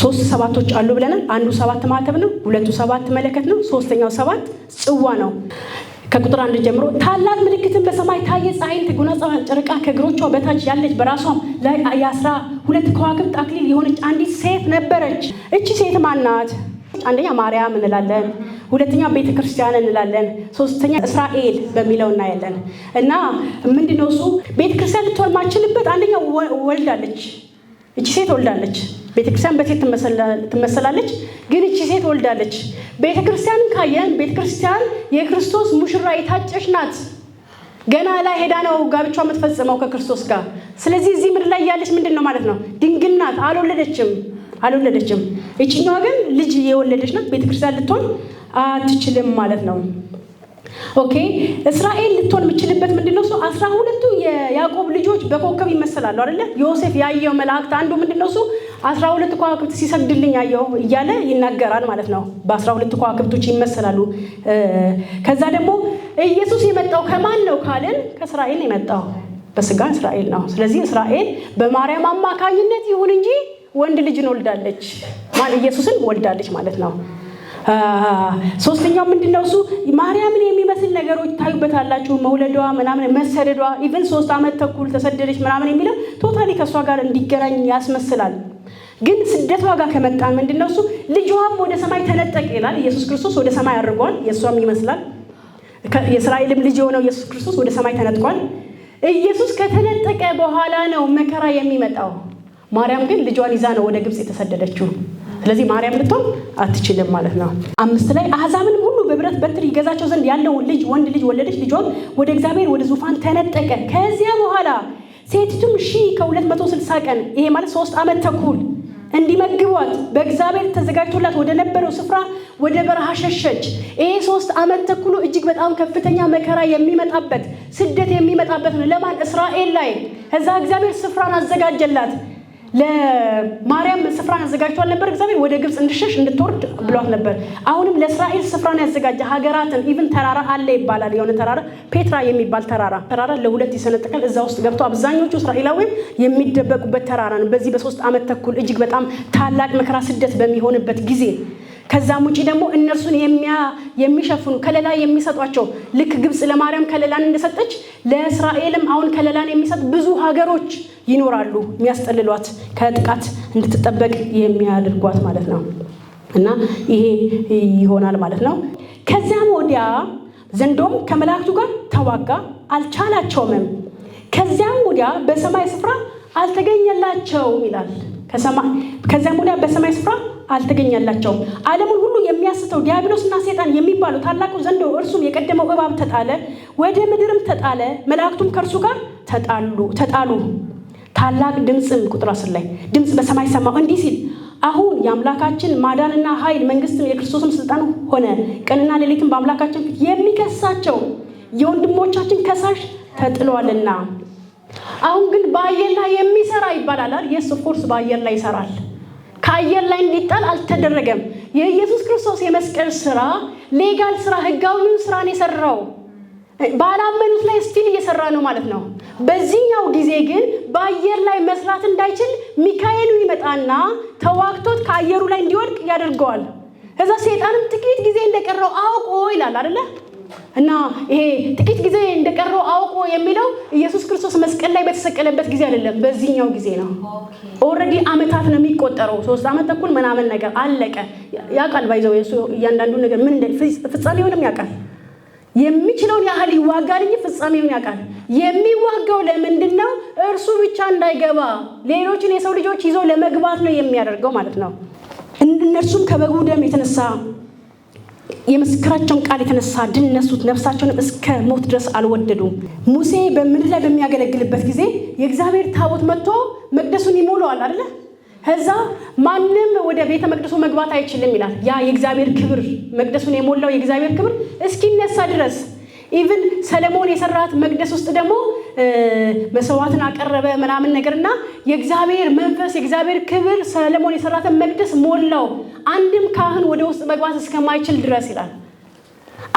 ሶስት ሰባቶች አሉ ብለናል። አንዱ ሰባት ማተብ ነው። ሁለቱ ሰባት መለከት ነው። ሶስተኛው ሰባት ጽዋ ነው። ከቁጥር አንድ ጀምሮ ታላቅ ምልክትን በሰማይ ታየ፣ ፀሐይን ተጎናጸፈ፣ ጨረቃ ከእግሮቿ በታች ያለች በራሷም ላይ የአስራ ሁለት ከዋክብት አክሊል የሆነች አንዲት ሴት ነበረች። እቺ ሴት ማናት? አንደኛ ማርያም እንላለን፣ ሁለተኛ ቤተ ክርስቲያን እንላለን፣ ሶስተኛ እስራኤል በሚለው እናያለን። እና ምንድነው እሱ ቤተ ክርስቲያን ልትሆን ማችልበት አንደኛ ወልዳለች፣ እቺ ሴት ወልዳለች። ቤተክርስቲያን በሴት ትመሰላለች፣ ግን እቺ ሴት ወልዳለች። ቤተክርስቲያንን ካየን ቤተክርስቲያን የክርስቶስ ሙሽራ የታጨች ናት። ገና ላይ ሄዳ ነው ጋብቿ የምትፈጽመው ከክርስቶስ ጋር። ስለዚህ እዚህ ምድር ላይ ያለች ምንድን ነው ማለት ነው? ድንግል ናት፣ አልወለደችም አልወለደችም። እችኛዋ ግን ልጅ የወለደች ናት፣ ቤተክርስቲያን ልትሆን አትችልም ማለት ነው። ኦኬ እስራኤል ልትሆን የምችልበት ምንድን ነው? እሱ አስራ ሁለቱ የያዕቆብ ልጆች በኮከብ ይመሰላሉ አይደለ? ዮሴፍ ያየው መላእክት አንዱ ምንድን ነው እሱ አስራ ሁለት ከዋክብት ሲሰግድልኝ አየሁ እያለ ይናገራል ማለት ነው። በአስራ ሁለት ከዋክብቶች ይመሰላሉ። ከዛ ደግሞ ኢየሱስ የመጣው ከማን ነው ካልን ከእስራኤል የመጣው በስጋ እስራኤል ነው። ስለዚህ እስራኤል በማርያም አማካኝነት ይሁን እንጂ ወንድ ልጅን ወልዳለች፣ ኢየሱስን ወልዳለች ማለት ነው። ሶስተኛው ምንድነው እሱ ማርያምን የሚመስል ነገሮች ታዩበታላችሁ። መውለዷ ምናምን፣ መሰደዷ ኢቨን ሶስት ዓመት ተኩል ተሰደደች ምናምን የሚለው ቶታሊ ከእሷ ጋር እንዲገናኝ ያስመስላል። ግን ስደት ዋጋ ከመጣን ምንድን ነው እሱ ልጇም ወደ ሰማይ ተነጠቀ ይላል። ኢየሱስ ክርስቶስ ወደ ሰማይ አድርጓል። የእሷም ይመስላል። የእስራኤልም ልጅ የሆነው ኢየሱስ ክርስቶስ ወደ ሰማይ ተነጥቋል። ኢየሱስ ከተነጠቀ በኋላ ነው መከራ የሚመጣው። ማርያም ግን ልጇን ይዛ ነው ወደ ግብፅ የተሰደደችው። ስለዚህ ማርያም ልትሆን አትችልም ማለት ነው። አምስት ላይ አሕዛብንም ሁሉ በብረት በትር ይገዛቸው ዘንድ ያለው ልጅ ወንድ ልጅ ወለደች። ልጇም ወደ እግዚአብሔር ወደ ዙፋን ተነጠቀ። ከዚያ በኋላ ሴቲቱም ሺ ከሁለት መቶ ቀን ይሄ ማለት ሶስት ዓመት ተኩል እንዲመግቧት በእግዚአብሔር ተዘጋጅቶላት ወደ ነበረው ስፍራ ወደ በረሃ ሸሸች። ይሄ ሶስት ዓመት ተኩሉ እጅግ በጣም ከፍተኛ መከራ የሚመጣበት ስደት የሚመጣበት ነው። ለማን? እስራኤል ላይ። እዛ እግዚአብሔር ስፍራን አዘጋጀላት። ለማርያም ስፍራን አዘጋጅቷል ነበር እግዚአብሔር ወደ ግብፅ እንድሸሽ እንድትወርድ ብሏት ነበር። አሁንም ለእስራኤል ስፍራን ያዘጋጀ ሀገራትን ኢቭን ተራራ አለ ይባላል። የሆነ ተራራ ፔትራ የሚባል ተራራ ተራራ ለሁለት ይሰነጥቃል። እዛ ውስጥ ገብቶ አብዛኞቹ እስራኤላዊም የሚደበቁበት ተራራ ነው። በዚህ በሶስት ዓመት ተኩል እጅግ በጣም ታላቅ መከራ ስደት በሚሆንበት ጊዜ ከዛም ውጪ ደግሞ እነርሱን የሚሸፍኑ ከለላ የሚሰጧቸው ልክ ግብፅ ለማርያም ከለላን እንደሰጠች ለእስራኤልም አሁን ከለላን የሚሰጥ ብዙ ሀገሮች ይኖራሉ። የሚያስጠልሏት ከጥቃት እንድትጠበቅ የሚያደርጓት ማለት ነው። እና ይሄ ይሆናል ማለት ነው። ከዚያም ወዲያ ዘንዶም ከመላእክቱ ጋር ተዋጋ፣ አልቻላቸውምም። ከዚያም ወዲያ በሰማይ ስፍራ አልተገኘላቸውም ይላል። ከዚያም ወዲያ በሰማይ ስፍራ አልተገኛላቸውም። ዓለሙን ሁሉ የሚያስተው ዲያብሎስና ሴጣን የሚባሉ ታላቁ ዘንዶ እርሱም የቀደመው እባብ ተጣለ፣ ወደ ምድርም ተጣለ፣ መላእክቱም ከእርሱ ጋር ተጣሉ። ታላቅ ድምፅም ቁጥር አስር ላይ ድምፅ በሰማይ ሰማሁ እንዲህ ሲል አሁን የአምላካችን ማዳንና ኃይል መንግስትም የክርስቶስም ስልጣን ሆነ። ቀንና ሌሊትም በአምላካችን ፊት የሚከሳቸው የወንድሞቻችን ከሳሽ ተጥሏልና። አሁን ግን በአየር ላይ የሚሰራ ይባላል። የስ ፎርስ በአየር ላይ ይሰራል። ከአየር ላይ እንዲጣል አልተደረገም። የኢየሱስ ክርስቶስ የመስቀል ስራ ሌጋል ስራ ህጋዊውን ስራ ነው የሰራው። ባላመኑት ላይ ስቲል እየሰራ ነው ማለት ነው። በዚህኛው ጊዜ ግን በአየር ላይ መስራት እንዳይችል ሚካኤሉ ይመጣና ተዋግቶት ከአየሩ ላይ እንዲወድቅ ያደርገዋል። እዛ ሴጣንም ጥቂት ጊዜ እንደቀረው አውቆ ይላል አደለ እና ይሄ ጥቂት ጊዜ እንደቀረው አውቆ የሚለው ኢየሱስ ክርስቶስ መስቀል ላይ በተሰቀለበት ጊዜ አይደለም፣ በዚህኛው ጊዜ ነው። ኦልሬዲ አመታት ነው የሚቆጠረው። ሶስት ዓመት ተኩል ምናምን ነገር አለቀ። ያውቃል፣ ባይዘው የሱ እያንዳንዱ ነገር ምን ፍጻሜውንም ያውቃል። የሚችለውን ያህል ይዋጋል እንጂ ፍጻሜውን ያውቃል። የሚዋጋው ለምንድን ነው? እርሱ ብቻ እንዳይገባ ሌሎችን የሰው ልጆች ይዞ ለመግባት ነው የሚያደርገው ማለት ነው። እነርሱም ከበጉ ደም የተነሳ የምስክራቸውን ቃል የተነሳ ድል ነሱት፣ ነፍሳቸውንም እስከ ሞት ድረስ አልወደዱም። ሙሴ በምድር ላይ በሚያገለግልበት ጊዜ የእግዚአብሔር ታቦት መጥቶ መቅደሱን ይሞላዋል አደለ? ከዛ ማንም ወደ ቤተ መቅደሱ መግባት አይችልም ይላል። ያ የእግዚአብሔር ክብር መቅደሱን የሞላው የእግዚአብሔር ክብር እስኪነሳ ድረስ ኢቭን ሰለሞን የሰራት መቅደስ ውስጥ ደግሞ መስዋዕትን አቀረበ ምናምን ነገር እና የእግዚአብሔር መንፈስ የእግዚአብሔር ክብር ሰለሞን የሰራትን መቅደስ ሞላው አንድም ካህን ወደ ውስጥ መግባት እስከማይችል ድረስ ይላል።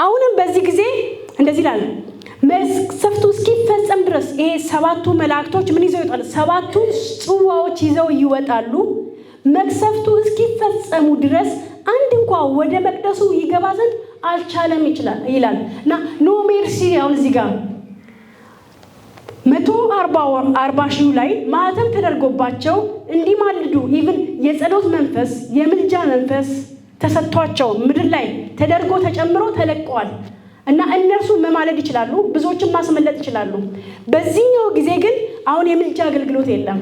አሁንም በዚህ ጊዜ እንደዚህ ይላል መቅሰፍቱ እስኪፈጸም ድረስ ይሄ ሰባቱ መላእክቶች ምን ይዘው ይወጣሉ? ሰባቱ ጽዋዎች ይዘው ይወጣሉ። መቅሰፍቱ እስኪፈጸሙ ድረስ አንድ እንኳ ወደ መቅደሱ ይገባ ዘንድ አልቻለም ይችላል ይላል እና ኖ ሜርሲ አሁን እዚህ ጋር መቶ አርባ ሺው ላይ ማዕተብ ተደርጎባቸው እንዲማልዱ ኢቭን የጸሎት መንፈስ የምልጃ መንፈስ ተሰጥቷቸው ምድር ላይ ተደርጎ ተጨምሮ ተለቀዋል እና እነርሱ መማለድ ይችላሉ፣ ብዙዎችን ማስመለጥ ይችላሉ። በዚህኛው ጊዜ ግን አሁን የምልጃ አገልግሎት የለም፣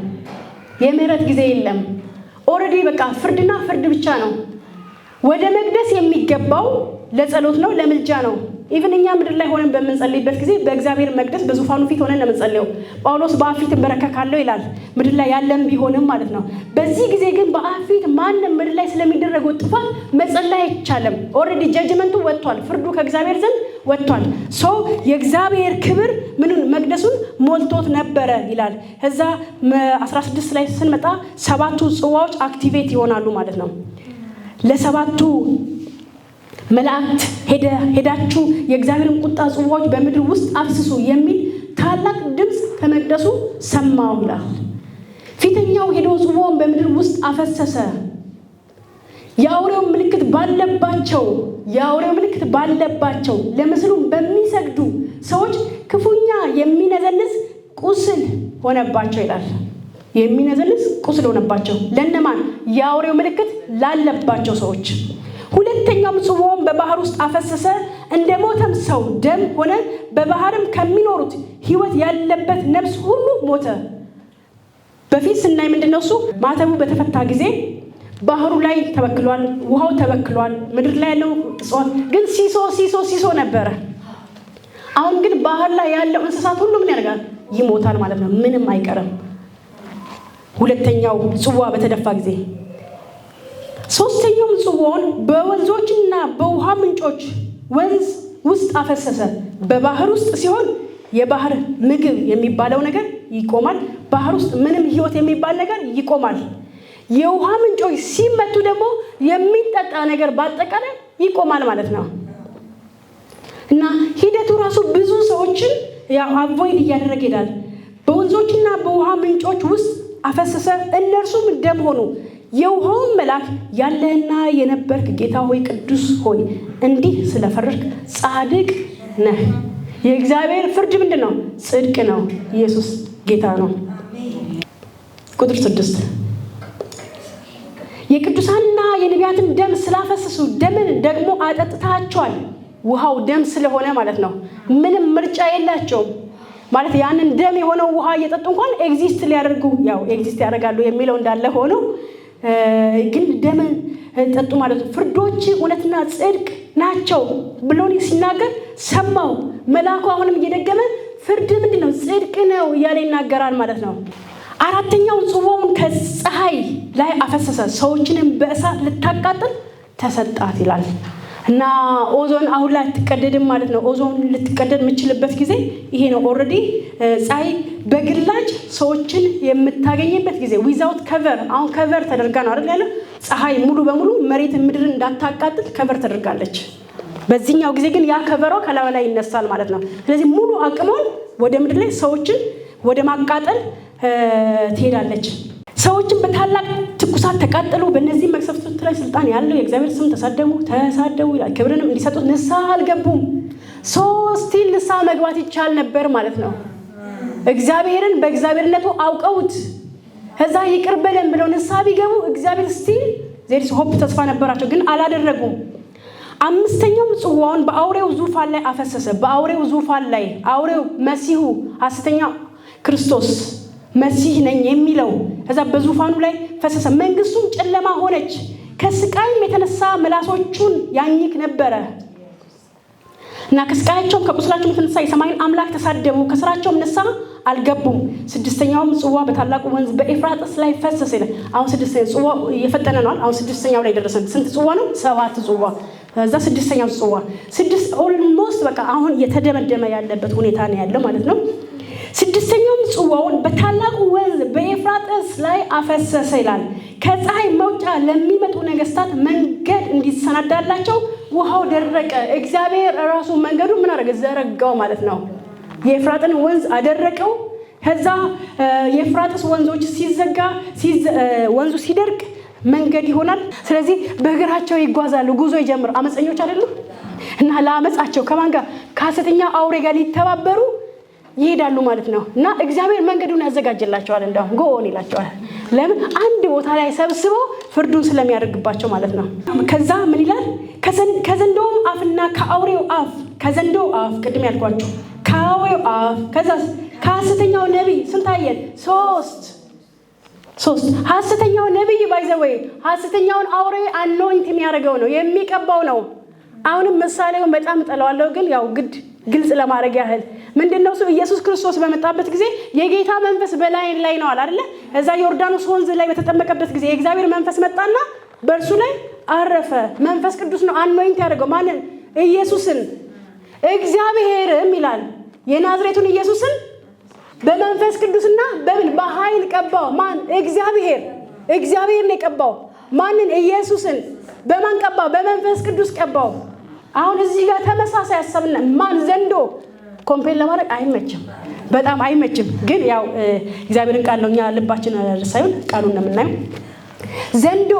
የምህረት ጊዜ የለም። ኦልሬዲ በቃ ፍርድና ፍርድ ብቻ ነው። ወደ መቅደስ የሚገባው ለጸሎት ነው፣ ለምልጃ ነው። ኢቨን እኛ ምድር ላይ ሆነን በምንጸልይበት ጊዜ በእግዚአብሔር መቅደስ በዙፋኑ ፊት ሆነን ነው ጳውሎስ በአፊት ፊት ይላል፣ ምድር ላይ ያለን ቢሆንም ማለት ነው። በዚህ ጊዜ ግን በአፊት ፊት ማንም ምድር ላይ ስለሚደረገው ጥፋት መጸለይ አይቻልም። ኦልሬዲ ጀጅመንቱ ወጥቷል፣ ፍርዱ ከእግዚአብሔር ዘንድ ወጥቷል። ሶ የእግዚአብሔር ክብር ምንን መቅደሱን ሞልቶት ነበረ ይላል። ከዛ 16 ላይ ስንመጣ ሰባቱ ጽዋዎች አክቲቬት ይሆናሉ ማለት ነው ለሰባቱ መላእክት ሄዳችሁ የእግዚአብሔርን ቁጣ ጽዋዎች በምድር ውስጥ አፍስሱ የሚል ታላቅ ድምፅ ከመቅደሱ ሰማው ይላል። ፊተኛው ሄዶ ጽዋውን በምድር ውስጥ አፈሰሰ። የአውሬው ምልክት ባለባቸው የአውሬው ምልክት ባለባቸው ለምስሉም በሚሰግዱ ሰዎች ክፉኛ የሚነዘንስ ቁስል ሆነባቸው ይላል። የሚነዘንስ ቁስል ሆነባቸው ለእነማን? የአውሬው ምልክት ላለባቸው ሰዎች ሁለተኛውም ጽዋውን በባህር ውስጥ አፈሰሰ፣ እንደ ሞተም ሰው ደም ሆነ። በባህርም ከሚኖሩት ህይወት ያለበት ነፍስ ሁሉ ሞተ። በፊት ስናይ ምንድነው እሱ ማተቡ በተፈታ ጊዜ ባህሩ ላይ ተበክሏል፣ ውሃው ተበክሏል፣ ምድር ላይ ያለው እጽዋት ግን ሲሶ ሲሶ ሲሶ ነበረ። አሁን ግን ባህር ላይ ያለው እንስሳት ሁሉ ምን ያደርጋል? ይሞታል ማለት ነው። ምንም አይቀርም። ሁለተኛው ጽዋ በተደፋ ጊዜ ሶስተኛውም ጽዋውን በወንዞችና በውሃ ምንጮች ወንዝ ውስጥ አፈሰሰ። በባህር ውስጥ ሲሆን የባህር ምግብ የሚባለው ነገር ይቆማል። ባህር ውስጥ ምንም ህይወት የሚባል ነገር ይቆማል። የውሃ ምንጮች ሲመቱ ደግሞ የሚጠጣ ነገር በአጠቃላይ ይቆማል ማለት ነው እና ሂደቱ ራሱ ብዙ ሰዎችን አቮይድ እያደረገ ይሄዳል። በወንዞችና በውሃ ምንጮች ውስጥ አፈሰሰ፣ እነርሱም ደም ሆኑ። የውሃውን መልአክ ያለህና የነበርክ ጌታ ሆይ ቅዱስ ሆይ እንዲህ ስለፈረድክ ጻድቅ ነህ። የእግዚአብሔር ፍርድ ምንድን ነው? ጽድቅ ነው። ኢየሱስ ጌታ ነው። ቁጥር ስድስት የቅዱሳንና የነቢያትን ደም ስላፈሰሱ ደምን ደግሞ አጠጥታቸዋል። ውሃው ደም ስለሆነ ማለት ነው። ምንም ምርጫ የላቸውም ማለት ያንን ደም የሆነው ውሃ እየጠጡ እንኳን ኤግዚስት ሊያደርጉ ያው ኤግዚስት ያደርጋሉ የሚለው እንዳለ ሆኖ ግን ጠጡ ማለት ነው። ፍርዶች እውነትና ጽድቅ ናቸው ብሎን ሲናገር ሰማው። መልአኩ አሁንም እየደገመ ፍርድ ምንድን ነው? ጽድቅ ነው እያለ ይናገራል ማለት ነው። አራተኛው ጽዋውን ከፀሐይ ላይ አፈሰሰ፣ ሰዎችንም በእሳት ልታቃጥል ተሰጣት ይላል። እና ኦዞን አሁን ላይ አትቀደድም ማለት ነው። ኦዞን ልትቀደድ የምችልበት ጊዜ ይሄ ነው። ኦልሬዲ ፀሐይ በግላጭ ሰዎችን የምታገኝበት ጊዜ ዊዛውት ከቨር አሁን ከቨር ተደርጋ ነው አይደል ያለ ፀሐይ ሙሉ በሙሉ መሬት ምድርን እንዳታቃጥል ከቨር ተደርጋለች። በዚህኛው ጊዜ ግን ያ ከቨሯ ከላ ላይ ይነሳል ማለት ነው። ስለዚህ ሙሉ አቅሟን ወደ ምድር ላይ ሰዎችን ወደ ማቃጠል ትሄዳለች። ሰዎችን በታላቅ ትኩሳት ተቃጠሉ። በእነዚህ መቅሰፍቶች ላይ ስልጣን ያለው የእግዚአብሔር ስም ተሳደቡ ተሳደቡ ይላል። ክብርንም እንዲሰጡት ንስሐ አልገቡም። ሶስቲን ንስሐ መግባት ይቻል ነበር ማለት ነው። እግዚአብሔርን በእግዚአብሔርነቱ አውቀውት ከዛ ይቅር በለን ብለው ንስሐ ቢገቡ እግዚአብሔር ስቲል ዜርስ ሆፕ ተስፋ ነበራቸው፣ ግን አላደረጉም። አምስተኛውም ጽዋውን በአውሬው ዙፋን ላይ አፈሰሰ። በአውሬው ዙፋን ላይ አውሬው መሲሁ ሐሰተኛው ክርስቶስ መሲህ ነኝ የሚለው እዛ በዙፋኑ ላይ ፈሰሰ። መንግስቱም ጨለማ ሆነች። ከስቃይም የተነሳ ምላሶቹን ያኝክ ነበረ እና ከስቃያቸውም ከቁስላቸውም የተነሳ የሰማይን አምላክ ተሳደቡ፣ ከስራቸውም ነሳ አልገቡም። ስድስተኛውም ጽዋ በታላቁ ወንዝ በኤፍራጥስ ላይ ፈሰሰ ይላል። አሁን ስድስተኛ ጽዋ እየፈጠነ ነዋል። አሁን ስድስተኛው ላይ ደረሰን። ስንት ጽዋ ነው? ሰባት ጽዋ እዛ ስድስተኛው ጽዋ ስድስት ኦልሞስት በቃ አሁን እየተደመደመ ያለበት ሁኔታ ነው ያለው ማለት ነው። ስድስተኛውም ጽዋውን በታላቁ ወንዝ በኤፍራጥስ ላይ አፈሰሰ ይላል። ከፀሐይ መውጫ ለሚመጡ ነገስታት መንገድ እንዲሰናዳላቸው ውሃው ደረቀ። እግዚአብሔር ራሱ መንገዱ ምን አደረገ? ዘረጋው ማለት ነው። የኤፍራጥን ወንዝ አደረቀው። ከዛ የኤፍራጥስ ወንዞች ሲዘጋ ወንዙ ሲደርቅ መንገድ ይሆናል። ስለዚህ በእግራቸው ይጓዛሉ። ጉዞ ይጀምር። አመፀኞች አይደሉም እና ለአመፃቸው ከማን ጋር ከሐሰተኛ አውሬ ጋር ሊተባበሩ ይሄዳሉ ማለት ነው። እና እግዚአብሔር መንገዱን ያዘጋጅላቸዋል፣ እንደውም ጎን ይላቸዋል። ለምን አንድ ቦታ ላይ ሰብስቦ ፍርዱን ስለሚያደርግባቸው ማለት ነው። ከዛ ምን ይላል? ከዘንዶውም አፍና ከአውሬው አፍ ከዘንዶ አፍ ቅድም ያልኳቸው ከአውሬው አፍ ከዛ ከሐሰተኛው ነቢይ ስንታየን ሶስት ሶስት ሐሰተኛው ነቢይ ባይዘወይ ሐሰተኛውን አውሬ አኖይንት የሚያደርገው ነው የሚቀባው ነው። አሁንም ምሳሌውን በጣም እጠለዋለሁ፣ ግን ያው ግድ ግልጽ ለማድረግ ያህል ምንድነው ነው ኢየሱስ ክርስቶስ በመጣበት ጊዜ የጌታ መንፈስ በላይ ላይ ነው አለ አይደለ? እዛ ዮርዳኖስ ወንዝ ላይ በተጠመቀበት ጊዜ የእግዚአብሔር መንፈስ መጣና በእርሱ ላይ አረፈ። መንፈስ ቅዱስ ነው አኖይንት ያደርገው ማንን? ኢየሱስን። እግዚአብሔርም ይላል የናዝሬቱን ኢየሱስን በመንፈስ ቅዱስና በምን በኃይል ቀባው። ማን? እግዚአብሔር። ነው የቀባው ማንን? ኢየሱስን። በማን ቀባው? በመንፈስ ቅዱስ ቀባው። አሁን እዚህ ጋር ተመሳሳይ አሰብና ማን ዘንዶ ኮምፔል ለማድረግ አይመችም፣ በጣም አይመችም። ግን ያው እግዚአብሔርን ቃል ነው እኛ ልባችን ሳይሆን ቃሉን ነው የምናየው። ዘንዶ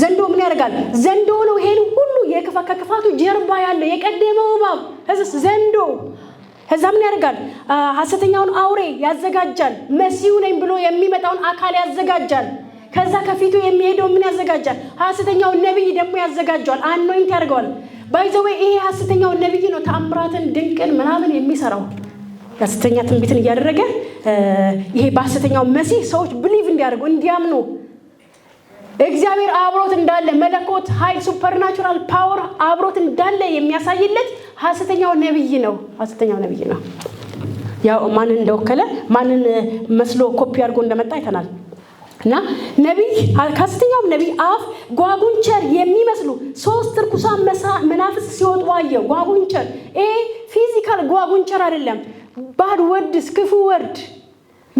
ዘንዶ ምን ያደርጋል? ዘንዶ ነው ይሄን ሁሉ ከክፋቱ ጀርባ ያለ የቀደመው እባብ እዚስ ዘንዶ እዛ ምን ያደርጋል? ሐሰተኛውን አውሬ ያዘጋጃል። መሲሁ ነኝ ብሎ የሚመጣውን አካል ያዘጋጃል። ከዛ ከፊቱ የሚሄደው ምን ያዘጋጃል? ሐሰተኛውን ነቢይ ደግሞ ያዘጋጀዋል፣ አኖይንት ያደርገዋል። ባይዘወ ይሄ ሐሰተኛው ነቢይ ነው ተአምራትን ድንቅን ምናምን የሚሰራው ሐሰተኛ ትንቢትን እያደረገ ይሄ በሐሰተኛው መሲህ ሰዎች ብሊቭ እንዲያደርጉ እንዲያምኑ እግዚአብሔር አብሮት እንዳለ መለኮት ኃይል ሱፐርናቹራል ፓወር አብሮት እንዳለ የሚያሳይለት ሐሰተኛው ነቢይ ነው። ሐሰተኛው ነቢይ ነው። ያው ማንን እንደወከለ ማንን መስሎ ኮፒ አድርጎ እንደመጣ አይተናል። እና ነቢይ ከሐሰተኛውም ነቢይ አፍ ጓጉንቸር የሚመስሉ ሶስት ርኩሳ መናፍስ ሲወጡ ዋየ ጓጉንቸር ይሄ ፊዚካል ጓጉንቸር አይደለም። ባድ ወርድስ፣ ክፉ ወርድ፣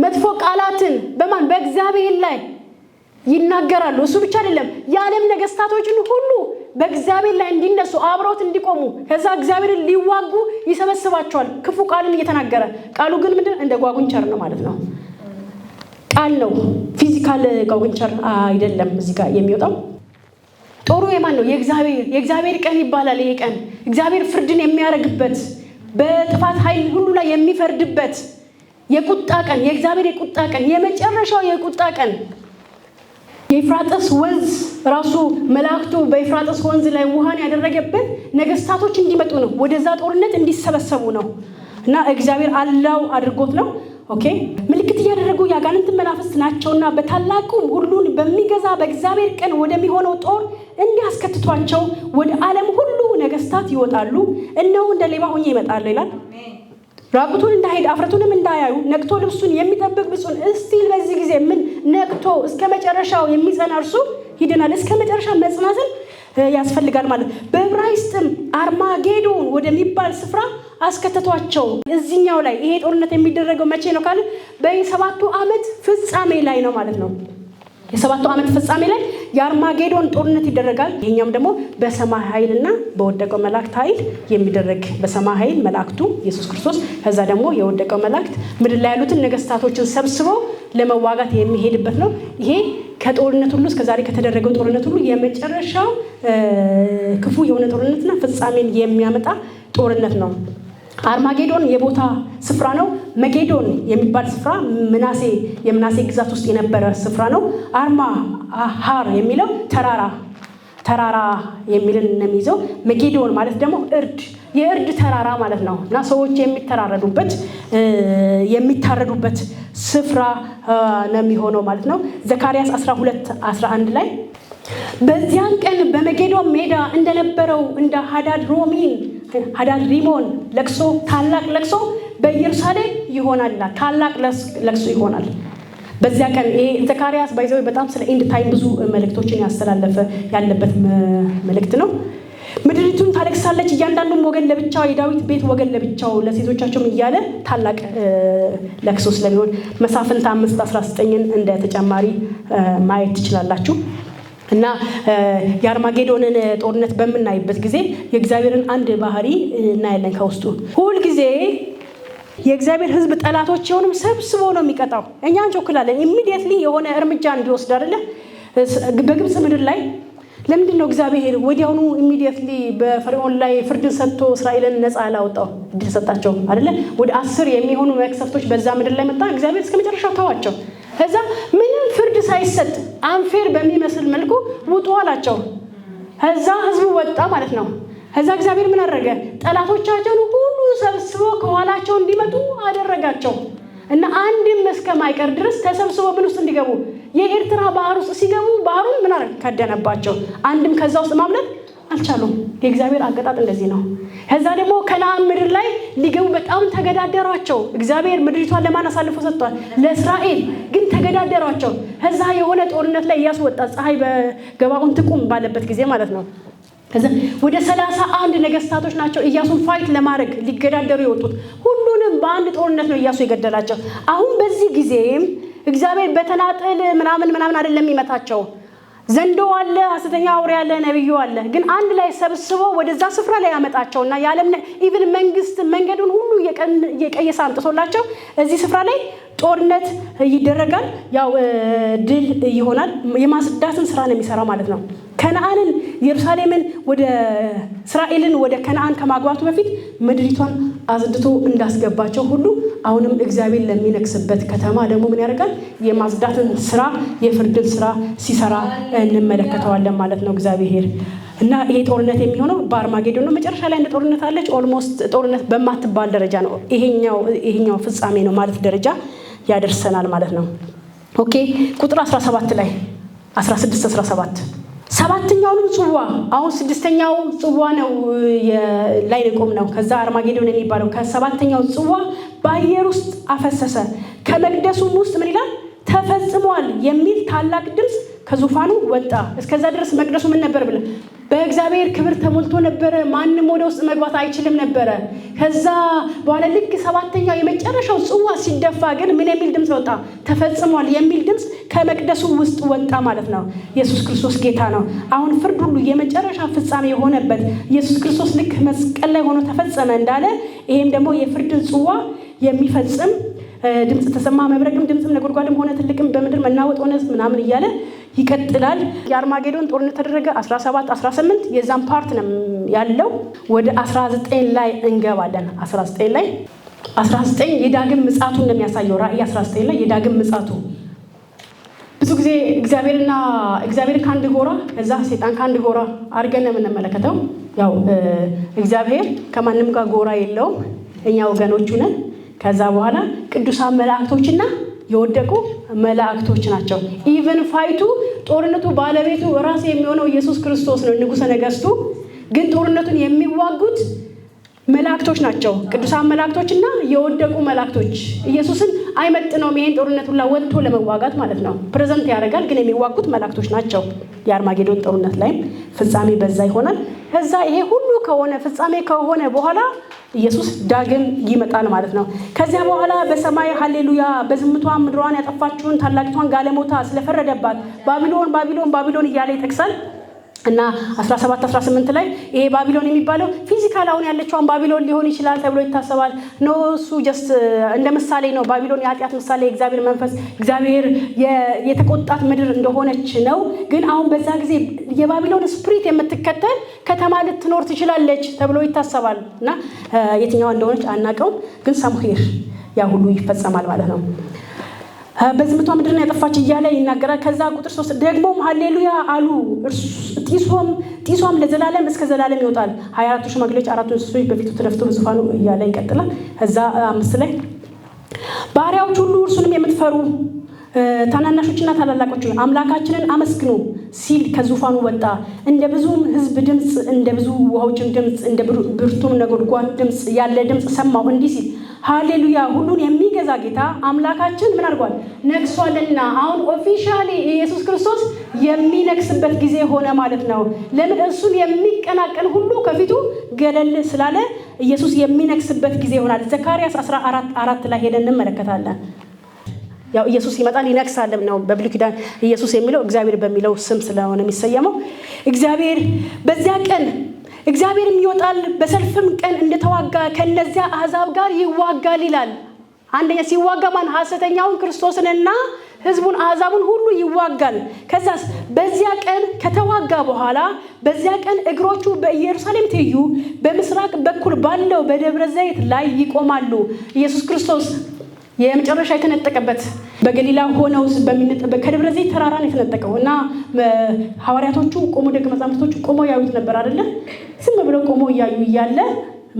መጥፎ ቃላትን በማን በእግዚአብሔር ላይ ይናገራሉ። እሱ ብቻ አይደለም የዓለም ነገስታቶችን ሁሉ በእግዚአብሔር ላይ እንዲነሱ አብረውት እንዲቆሙ ከዛ እግዚአብሔርን ሊዋጉ ይሰበስባቸዋል። ክፉ ቃልን እየተናገረ ቃሉ ግን ምንድን እንደ ጓጉንቸር ነው ማለት ነው። ቃል ነው። ፊዚካል ቃውንቸር አይደለም እዚህ ጋር የሚወጣው ጦሩ የማን ነው? የእግዚአብሔር ቀን ይባላል። ይሄ ቀን እግዚአብሔር ፍርድን የሚያደርግበት በጥፋት ኃይል ሁሉ ላይ የሚፈርድበት የቁጣ ቀን፣ የእግዚአብሔር የቁጣ ቀን፣ የመጨረሻው የቁጣ ቀን የኤፍራጥስ ወንዝ ራሱ መላእክቱ በኤፍራጥስ ወንዝ ላይ ውሃን ያደረገበት ነገስታቶች እንዲመጡ ነው። ወደዛ ጦርነት እንዲሰበሰቡ ነው እና እግዚአብሔር አላው አድርጎት ነው። ኦኬ ምልክት እያደረጉ የአጋንንት መናፍስት ናቸውና በታላቁ ሁሉን በሚገዛ በእግዚአብሔር ቀን ወደሚሆነው ጦር እንዲያስከትቷቸው ወደ ዓለም ሁሉ ነገስታት ይወጣሉ። እነሆ እንደ ሌባ ሆኜ ይመጣሉ ይላል። ራቁቱን እንዳይሄድ አፍረቱንም እንዳያዩ ነቅቶ ልብሱን የሚጠብቅ ብፁን እስቲል በዚህ ጊዜ ምን ነቅቶ እስከ መጨረሻው የሚጸና እርሱ ይድናል። እስከ መጨረሻ መጽናትን ያስፈልጋል ማለት በዕብራይስጥም አርማጌዶን ወደሚባል ስፍራ አስከተቷቸው። እዚኛው ላይ ይሄ ጦርነት የሚደረገው መቼ ነው ካለ በሰባቱ ዓመት ፍጻሜ ላይ ነው ማለት ነው። የሰባቱ ዓመት ፍጻሜ ላይ የአርማጌዶን ጦርነት ይደረጋል። ይሄኛውም ደግሞ በሰማይ ኃይል በወደቀው መላእክት ኃይል የሚደረግ በሰማይ ኃይል መላእክቱ ኢየሱስ ክርስቶስ ከዛ ደግሞ የወደቀው መላእክት ምድር ላይ ያሉትን ነገስታቶችን ሰብስበው ለመዋጋት የሚሄድበት ነው ይሄ ከጦርነት ሁሉ እስከዛሬ ከተደረገው ጦርነት ሁሉ የመጨረሻው ክፉ የሆነ ጦርነትና ፍጻሜን የሚያመጣ ጦርነት ነው። አርማጌዶን የቦታ ስፍራ ነው። መጌዶን የሚባል ስፍራ ምናሴ የምናሴ ግዛት ውስጥ የነበረ ስፍራ ነው። አርማ ሀር የሚለው ተራራ ተራራ የሚልን ነው የሚይዘው። መጌዶን ማለት ደግሞ እርድ የእርድ ተራራ ማለት ነው እና ሰዎች የሚተራረዱበት የሚታረዱበት ስፍራ ነው የሚሆነው ማለት ነው። ዘካርያስ 12 11 ላይ በዚያን ቀን በመጌዶ ሜዳ እንደነበረው እንደ ሀዳድ ሮሚን ሀዳድ ሪሞን ለቅሶ ታላቅ ለቅሶ በኢየሩሳሌም ይሆናል። ታላቅ ለቅሶ ይሆናል በዚያ ቀን። ይሄ ዘካርያስ ባይዘው በጣም ስለ ኢንድ ታይም ብዙ መልእክቶችን ያስተላለፈ ያለበት መልእክት ነው። ምድሪቱን ታለቅሳለች፣ እያንዳንዱም ወገን ለብቻ የዳዊት ቤት ወገን ለብቻው፣ ለሴቶቻቸውም እያለ ታላቅ ለቅሶ ስለሚሆን መሳፍንት አምስት 19ን እንደ ተጨማሪ ማየት ትችላላችሁ። እና የአርማጌዶንን ጦርነት በምናይበት ጊዜ የእግዚአብሔርን አንድ ባህሪ እናያለን። ከውስጡ ሁልጊዜ የእግዚአብሔር ሕዝብ የሆኑም ሰብስቦ ነው የሚቀጣው። እኛ እንቾክላለን። ኢሚዲየትሊ የሆነ እርምጃ እንዲወስድ አይደለ በግብፅ ምድር ላይ ለምንድን ነው እግዚአብሔር ወዲያውኑ ኢሚዲየትሊ በፈርዖን ላይ ፍርድን ሰጥቶ እስራኤልን ነፃ አላወጣው? እድል ሰጣቸው አይደለ? ወደ አስር የሚሆኑ መቅሰፍቶች በዛ ምድር ላይ መጣ። እግዚአብሔር እስከ መጨረሻው ተዋቸው። ከዛ ምንም ፍርድ ሳይሰጥ አንፌር በሚመስል መልኩ ውጡ አላቸው። ከዛ ህዝቡ ወጣ ማለት ነው። ከዛ እግዚአብሔር ምን አደረገ? ጠላቶቻቸውን ሁሉ ሰብስቦ ከኋላቸው እንዲመጡ አደረጋቸው። እና አንድም እስከማይቀር ድረስ ተሰብስበው ምን ውስጥ እንዲገቡ የኤርትራ ባህር ውስጥ ሲገቡ ባህሩን ምን ከደነባቸው። አንድም ከዛ ውስጥ ማምለጥ አልቻሉም። የእግዚአብሔር አቀጣጥ እንደዚህ ነው። ከዛ ደግሞ ከነአን ምድር ላይ ሊገቡ በጣም ተገዳደሯቸው። እግዚአብሔር ምድሪቷን ለማን አሳልፎ ሰጥቷል? ለእስራኤል። ግን ተገዳደሯቸው። ከዛ የሆነ ጦርነት ላይ እያስወጣ ፀሐይ በገባኦን ትቁም ባለበት ጊዜ ማለት ነው ወደ ሰላሳ አንድ ነገስታቶች ናቸው እያሱን ፋይት ለማድረግ ሊገዳደሩ የወጡት። ሁሉንም በአንድ ጦርነት ነው እያሱ የገደላቸው። አሁን በዚህ ጊዜ እግዚአብሔር በተናጠል ምናምን ምናምን አይደለም የሚመታቸው ዘንዶ አለ፣ ሐሰተኛ አውሬ አለ፣ ነብዩ አለ። ግን አንድ ላይ ሰብስቦ ወደዛ ስፍራ ላይ ያመጣቸውና የዓለም ኢቭን መንግስት መንገዱን ሁሉ የቀየሰ አምጥቶላቸው እዚህ ስፍራ ላይ ጦርነት ይደረጋል። ያው ድል ይሆናል። የማስዳትን ስራ ነው የሚሰራ ማለት ነው። ከነአንን ኢየሩሳሌምን ወደ እስራኤልን ወደ ከነአን ከማግባቱ በፊት ምድሪቷን አጽድቶ እንዳስገባቸው ሁሉ አሁንም እግዚአብሔር ለሚነግስበት ከተማ ደግሞ ምን ያደርጋል? የማጽዳትን ስራ የፍርድን ስራ ሲሰራ እንመለከተዋለን ማለት ነው እግዚአብሔር እና ይሄ ጦርነት የሚሆነው በአርማጌዶን ነው። መጨረሻ ላይ እንደ ጦርነት አለች። ኦልሞስት ጦርነት በማትባል ደረጃ ነው። ይሄኛው ፍጻሜ ነው ማለት ደረጃ ያደርሰናል ማለት ነው። ኦኬ ቁጥር 17 ላይ 16 17 ሰባተኛውንም ጽዋ አሁን ስድስተኛው ጽዋ ነው ላይ ቆም ነው። ከዛ አርማጌዶን የሚባለው ከሰባተኛው ጽዋ በአየር ውስጥ አፈሰሰ። ከመቅደሱም ውስጥ ምን ይላል? ተፈጽሟል የሚል ታላቅ ድምፅ ከዙፋኑ ወጣ። እስከዛ ድረስ መቅደሱ ምን ነበር ብለ በእግዚአብሔር ክብር ተሞልቶ ነበረ። ማንም ወደ ውስጥ መግባት አይችልም ነበረ። ከዛ በኋላ ልክ ሰባተኛው የመጨረሻው ጽዋ ሲደፋ ግን ምን የሚል ድምፅ ወጣ? ተፈጽሟል የሚል ድምፅ ከመቅደሱ ውስጥ ወጣ ማለት ነው። ኢየሱስ ክርስቶስ ጌታ ነው። አሁን ፍርድ ሁሉ የመጨረሻ ፍጻሜ የሆነበት ኢየሱስ ክርስቶስ ልክ መስቀል ላይ ሆኖ ተፈጸመ እንዳለ ይሄም ደግሞ የፍርድ ጽዋ የሚፈጽም ድምፅ ተሰማ፣ መብረቅም ድምፅም ነጎድጓድም ሆነ፣ ትልቅም በምድር መናወጥ ሆነ ምናምን እያለ ይቀጥላል። የአርማጌዶን ጦርነት ተደረገ 17 18 የዛም ፓርት ነው ያለው። ወደ 19 ላይ እንገባለን። 19 ላይ 19 የዳግም ምጻቱ እንደሚያሳየው ራእይ 19 ላይ የዳግም ምጻቱ ብዙ ጊዜ እግዚአብሔርና እግዚአብሔር ከአንድ ጎራ ከዛ ሴጣን ከአንድ ጎራ አድርገን ነው የምንመለከተው። ያው እግዚአብሔር ከማንም ጋር ጎራ የለውም። እኛ ወገኖቹ ነን። ከዛ በኋላ ቅዱሳን መላእክቶችና የወደቁ መላእክቶች ናቸው። ኢቨን ፋይቱ ጦርነቱ ባለቤቱ ራስ የሚሆነው ኢየሱስ ክርስቶስ ነው፣ ንጉሰ ነገስቱ ግን ጦርነቱን የሚዋጉት መላእክቶች ናቸው፣ ቅዱሳን መላእክቶችና የወደቁ መላእክቶች። ኢየሱስን አይመጥነውም። ይሄን ጦርነት ሁላ ወጥቶ ለመዋጋት ማለት ነው ፕሬዘንት ያደርጋል። ግን የሚዋጉት መላእክቶች ናቸው። የአርማጌዶን ጦርነት ላይም ፍጻሜ በዛ ይሆናል። እዛ ይሄ ሁሉ ከሆነ ፍጻሜ ከሆነ በኋላ ኢየሱስ ዳግም ይመጣል ማለት ነው። ከዚያ በኋላ በሰማይ ሀሌሉያ፣ በዝምቷ ምድሯን ያጠፋችውን ታላቂቷን ጋለሞታ ስለፈረደባት ባቢሎን ባቢሎን ባቢሎን እያለ ይጠቅሳል። እና 17 18 ላይ ይሄ ባቢሎን የሚባለው ፊዚካል አሁን ያለችውን ባቢሎን ሊሆን ይችላል ተብሎ ይታሰባል። ኖ እሱ ጀስት እንደ ምሳሌ ነው። ባቢሎን የኃጢአት ምሳሌ፣ የእግዚአብሔር መንፈስ እግዚአብሔር የተቆጣት ምድር እንደሆነች ነው። ግን አሁን በዛ ጊዜ የባቢሎን ስፕሪት የምትከተል ከተማ ልትኖር ትችላለች ተብሎ ይታሰባል እና የትኛዋ እንደሆነች አናውቀውም። ግን ሰምሄር ያ ሁሉ ይፈጸማል ማለት ነው። በዝምቷ ምድር ያጠፋች እያለ ይናገራል። ከዛ ቁጥር ሶስት ደግሞም ሀሌሉያ አሉ። ጢሷም ለዘላለም እስከ ዘላለም ይወጣል። ሀያ አራቱ ሽማግሌዎች አራቱ እንስሶች በፊቱ ተደፍቶ በዙፋኑ እያለ ይቀጥላል። ከዛ አምስት ላይ ባሪያዎች ሁሉ እርሱንም የምትፈሩ ታናናሾችና ታላላቆች አምላካችንን አመስግኑ ሲል ከዙፋኑ ወጣ። እንደ ብዙም ሕዝብ ድምፅ፣ እንደ ብዙ ውሃዎችም ድምፅ፣ እንደ ብርቱም ነጎድጓድ ድምፅ ያለ ድምፅ ሰማሁ። እንዲህ ሲል ሃሌሉያ፣ ሁሉን የሚገዛ ጌታ አምላካችን ምን አድርጓል? ነግሷልና። አሁን ኦፊሻሊ ኢየሱስ ክርስቶስ የሚነግስበት ጊዜ ሆነ ማለት ነው። ለምን? እሱን የሚቀናቀል ሁሉ ከፊቱ ገለል ስላለ ኢየሱስ የሚነግስበት ጊዜ ይሆናል። ዘካርያስ 14 አራት ላይ ሄደን እንመለከታለን። ያው ኢየሱስ ይመጣል ይነግሳልም ነው በብሉይ ኪዳን ኢየሱስ የሚለው እግዚአብሔር በሚለው ስም ስለሆነ የሚሰየመው እግዚአብሔር በዚያ ቀን እግዚአብሔርም ይወጣል በሰልፍም ቀን እንደተዋጋ ከነዚያ አሕዛብ ጋር ይዋጋል ይላል። አንደኛ ሲዋጋ ማን ሐሰተኛውን ክርስቶስንና ህዝቡን አሕዛቡን ሁሉ ይዋጋል። ከዛ በዚያ ቀን ከተዋጋ በኋላ በዚያ ቀን እግሮቹ በኢየሩሳሌም ትይዩ በምስራቅ በኩል ባለው በደብረ ዘይት ላይ ይቆማሉ። ኢየሱስ ክርስቶስ የመጨረሻ የተነጠቀበት በገሊላ ሆነው ከደብረ ዘይት ተራራ ነው የተነጠቀው እና ሐዋርያቶቹ ቆሞ ደቀ መዛሙርቶቹ ቆመው ያዩት ነበር አይደለ? ዝም ብለው ቆመው እያዩ እያለ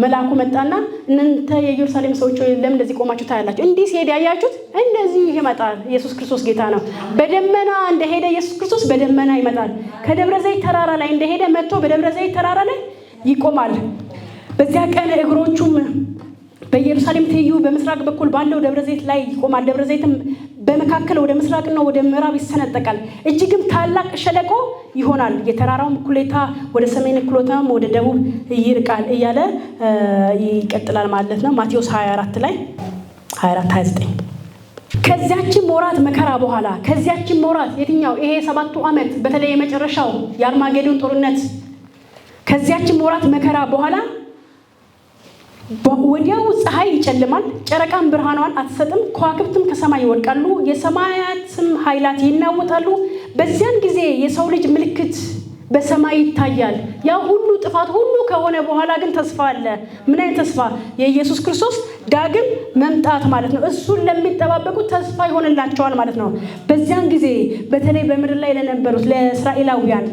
መልአኩ መጣና እናንተ የኢየሩሳሌም ሰዎች ለምን እንደዚህ ቆማችሁ ታያላችሁ? እንዲህ ሲሄድ ያያችሁት እንደዚህ ይመጣል። ኢየሱስ ክርስቶስ ጌታ ነው። በደመና እንደሄደ ኢየሱስ ክርስቶስ በደመና ይመጣል። ከደብረ ዘይት ተራራ ላይ እንደሄደ መጥቶ በደብረ ዘይት ተራራ ላይ ይቆማል። በዚያ ቀን እግሮቹም በኢየሩሳሌም ትይዩ በምስራቅ በኩል ባለው ደብረ ዘይት ላይ ይቆማል። ደብረ ዘይትም በመካከል ወደ ምስራቅና ወደ ምዕራብ ይሰነጠቃል፣ እጅግም ታላቅ ሸለቆ ይሆናል። የተራራውም እኩሌታ ወደ ሰሜን እኩሌታም ወደ ደቡብ ይርቃል እያለ ይቀጥላል ማለት ነው። ማቴዎስ 24 ላይ 24 29 ከዚያችን ወራት መከራ በኋላ ከዚያችን ወራት የትኛው ይሄ ሰባቱ ዓመት በተለይ የመጨረሻው የአርማጌዶን ጦርነት ከዚያችን ወራት መከራ በኋላ ወዲያው ፀሐይ ይጨልማል፣ ጨረቃም ብርሃኗን አትሰጥም፣ ከዋክብትም ከሰማይ ይወድቃሉ፣ የሰማያትም ኃይላት ይናወጣሉ። በዚያን ጊዜ የሰው ልጅ ምልክት በሰማይ ይታያል። ያ ሁሉ ጥፋት ሁሉ ከሆነ በኋላ ግን ተስፋ አለ። ምን አይነት ተስፋ? የኢየሱስ ክርስቶስ ዳግም መምጣት ማለት ነው። እሱን ለሚጠባበቁ ተስፋ ይሆንላቸዋል ማለት ነው። በዚያን ጊዜ በተለይ በምድር ላይ ለነበሩት ለእስራኤላውያን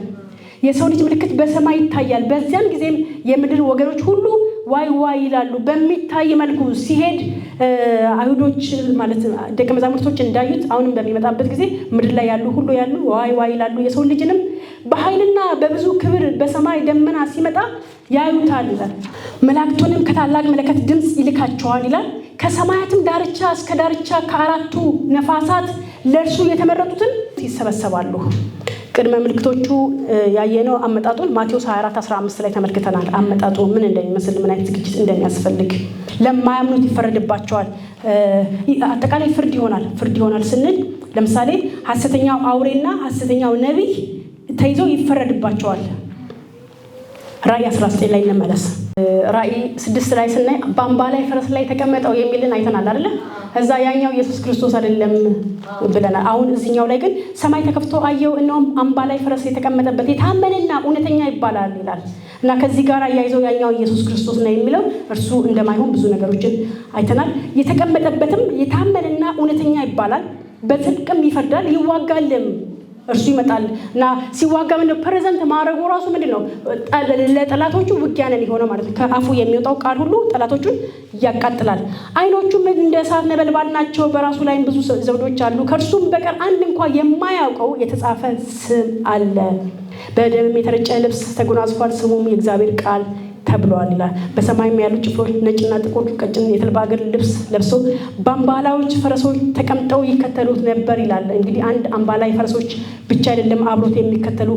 የሰው ልጅ ምልክት በሰማይ ይታያል። በዚያን ጊዜም የምድር ወገኖች ሁሉ ዋይ ዋይ ይላሉ። በሚታይ መልኩ ሲሄድ አይሁዶች ማለት ደቀ መዛሙርቶች እንዳዩት አሁንም በሚመጣበት ጊዜ ምድር ላይ ያሉ ሁሉ ያሉ ዋይ ዋይ ይላሉ። የሰው ልጅንም በኃይልና በብዙ ክብር በሰማይ ደመና ሲመጣ ያዩታል ይላል። መላእክቱንም ከታላቅ መለከት ድምፅ ይልካቸዋል ይላል። ከሰማያትም ዳርቻ እስከ ዳርቻ ከአራቱ ነፋሳት ለእርሱ የተመረጡትን ይሰበሰባሉ። ቅድመ ምልክቶቹ ያየነው አመጣጡን ማቴዎስ 24 15 ላይ ተመልክተናል። አመጣጡ ምን እንደሚመስል ምን አይነት ዝግጅት እንደሚያስፈልግ ለማያምኑት ይፈረድባቸዋል። አጠቃላይ ፍርድ ይሆናል። ፍርድ ይሆናል ስንል ለምሳሌ ሐሰተኛው አውሬና ሐሰተኛው ነቢይ ተይዘው ይፈረድባቸዋል። ራእይ 19 ላይ እንመለስ። ራእይ ስድስት ላይ ስናይ በአምባ ላይ ፈረስ ላይ ተቀመጠው የሚልን አይተናል አይደለ? እዛ ያኛው ኢየሱስ ክርስቶስ አይደለም ብለናል። አሁን እዚኛው ላይ ግን ሰማይ ተከፍቶ አየው፣ እነውም አምባ ላይ ፈረስ የተቀመጠበት የታመንና እውነተኛ ይባላል ይላል እና ከዚህ ጋር አያይዘው ያኛው ኢየሱስ ክርስቶስ ነው የሚለው እርሱ እንደማይሆን ብዙ ነገሮችን አይተናል። የተቀመጠበትም የታመንና እውነተኛ ይባላል፣ በጽድቅም ይፈርዳል ይዋጋልም እርሱ ይመጣል እና ሲዋጋ ምንድነው ፕሬዘንት ማድረጉ ራሱ ምንድን ነው? ለጠላቶቹ ውጊያንን የሆነ ማለት ነው። ከአፉ የሚወጣው ቃል ሁሉ ጠላቶቹን ያቃጥላል። አይኖቹም እንደ እሳት ነበልባል ናቸው፣ በራሱ ላይም ብዙ ዘውዶች አሉ። ከእርሱም በቀር አንድ እንኳ የማያውቀው የተጻፈ ስም አለ። በደምም የተረጨ ልብስ ተጎናጽፏል። ስሙም የእግዚአብሔር ቃል ተብሏል ይላል። በሰማይም ያሉ ጭፍሮች ነጭና ጥቁር ቀጭን የተልባ እግር ልብስ ለብሶ በአምባላዎች ፈረሶች ተቀምጠው ይከተሉት ነበር ይላል። እንግዲህ አንድ አምባላይ ፈረሶች ብቻ አይደለም አብሮት የሚከተሉ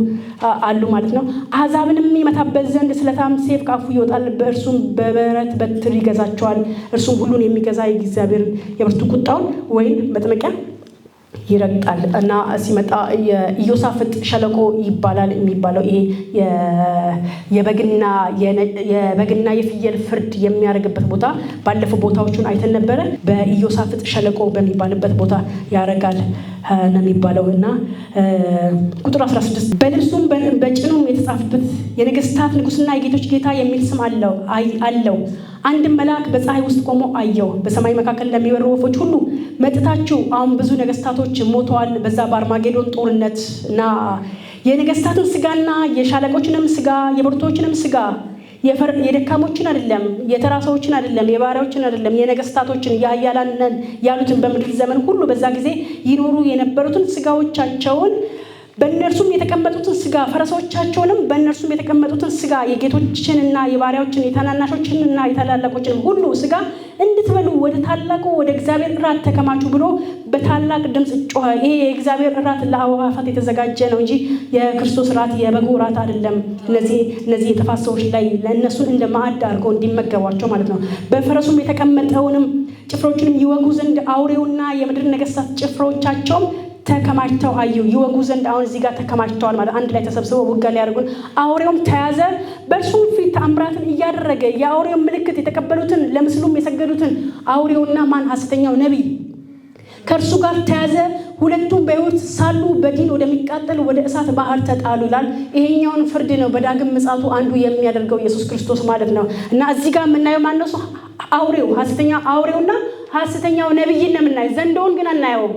አሉ ማለት ነው። አሕዛብንም ይመታበት ዘንድ ስለታም ሰይፍ ካፉ ይወጣል፣ በእርሱም በበረት በትር ይገዛቸዋል። እርሱም ሁሉን የሚገዛ የእግዚአብሔርን የብርቱ ቁጣውን ወይም መጥመቂያ ይረግጣል እና ሲመጣ የኢዮሳፍጥ ሸለቆ ይባላል የሚባለው ይሄ የበግና የፍየል ፍርድ የሚያደርግበት ቦታ ባለፈው ቦታዎቹን አይተን ነበረ። በኢዮሳፍጥ ሸለቆ በሚባልበት ቦታ ያረጋል ነው የሚባለው እና ቁጥር 16 በልብሱም በጭኑም የተጻፈበት የነገስታት ንጉስና የጌቶች ጌታ የሚል ስም አለው አለው። አንድም መልአክ በፀሐይ ውስጥ ቆሞ አየሁ። በሰማይ መካከል ለሚበሩ ወፎች ሁሉ መጥታችሁ አሁን ብዙ ነገስታቶች ሞተዋል በዛ በአርማጌዶን ጦርነት እና የነገስታትን ስጋና የሻለቆችንም ስጋ የብርቶችንም ስጋ የደካሞችን አይደለም፣ የተራ ሰዎችን አይደለም፣ የባሪያዎችን አይደለም፣ የነገስታቶችን የኃያላንን ያሉትን በምድር ዘመን ሁሉ በዛ ጊዜ ይኖሩ የነበሩትን ስጋዎቻቸውን በእነርሱም የተቀመጡትን ስጋ ፈረሶቻቸውንም በእነርሱም የተቀመጡትን ስጋ የጌቶችንና የባሪያዎችን የታናናሾችንና የታላላቆችን ሁሉ ስጋ እንድትበሉ ወደ ታላቁ ወደ እግዚአብሔር እራት ተከማቹ ብሎ በታላቅ ድምፅ ጮኸ። ይሄ የእግዚአብሔር እራት ለአዋፋት የተዘጋጀ ነው እንጂ የክርስቶስ እራት የበጉ እራት አይደለም። እነዚህ የጥፋት ሰዎች ላይ ለእነሱን እንደ ማዕድ አድርገው እንዲመገቧቸው ማለት ነው። በፈረሱም የተቀመጠውንም ጭፍሮችንም ይወጉ ዘንድ አውሬውና የምድር ነገስታት ጭፍሮቻቸውም ተከማችተው አዩ ይወጉ ዘንድ አሁን እዚህ ጋር ተከማችተዋል ማለት አንድ ላይ ተሰብስበው ውጋ ሊያደርጉን አውሬውም ተያዘ በእርሱም ፊት ተአምራትን እያደረገ የአውሬውን ምልክት የተቀበሉትን ለምስሉም የሰገዱትን አውሬውና ማን ሐሰተኛው ነቢይ ከእርሱ ጋር ተያዘ ሁለቱም በህይወት ሳሉ በዲን ወደሚቃጠል ወደ እሳት ባህር ተጣሉ ይላል ይሄኛውን ፍርድ ነው በዳግም ምጻቱ አንዱ የሚያደርገው ኢየሱስ ክርስቶስ ማለት ነው እና እዚህ ጋር የምናየው ማነሱ አውሬው ሐሰተኛ አውሬውና ሐሰተኛው ነቢይን ነው የምናየው ዘንዶውን ግን አናየውም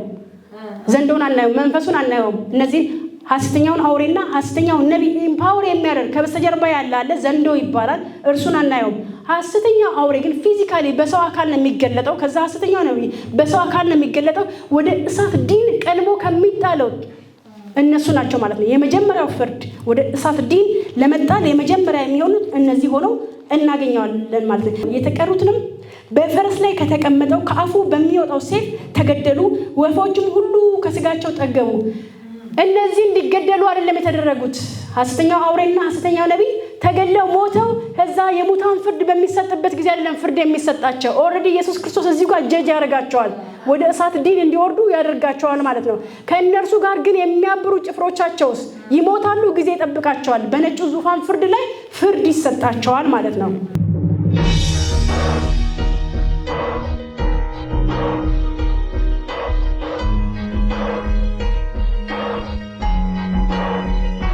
ዘንዶውን አናየውም፣ መንፈሱን አናየውም። እነዚህን ሐሰተኛውን አውሬና ሐሰተኛውን ነቢ ኢምፓወር የሚያደርግ ከበስተጀርባ ያለ አለ፣ ዘንዶ ይባላል። እርሱን አናየውም። ሐሰተኛው አውሬ ግን ፊዚካሊ በሰው አካል ነው የሚገለጠው። ከዛ ሐሰተኛው ነቢ በሰው አካል ነው የሚገለጠው። ወደ እሳት ዲን ቀልቦ ከሚጣለው እነሱ ናቸው ማለት ነው። የመጀመሪያው ፍርድ ወደ እሳት ዲን ለመጣል የመጀመሪያ የሚሆኑት እነዚህ ሆነው እናገኘዋለን ማለት ነው። የተቀሩትንም በፈረስ ላይ ከተቀመጠው ከአፉ በሚወጣው ሴት ተገደሉ። ወፎቹም ሁሉ ከስጋቸው ጠገቡ። እነዚህ እንዲገደሉ አይደለም የተደረጉት። ሐሰተኛው አውሬና ሐሰተኛው ነቢይ ተገለው ሞተው ከዛ የሙታን ፍርድ በሚሰጥበት ጊዜ አይደለም ፍርድ የሚሰጣቸው። ኦልሬዲ ኢየሱስ ክርስቶስ እዚህ ጋር ጀጅ ያደርጋቸዋል። ወደ እሳት ዲን እንዲወርዱ ያደርጋቸዋል ማለት ነው። ከእነርሱ ጋር ግን የሚያብሩ ጭፍሮቻቸውስ ይሞታሉ፣ ጊዜ ይጠብቃቸዋል። በነጩ ዙፋን ፍርድ ላይ ፍርድ ይሰጣቸዋል ማለት ነው።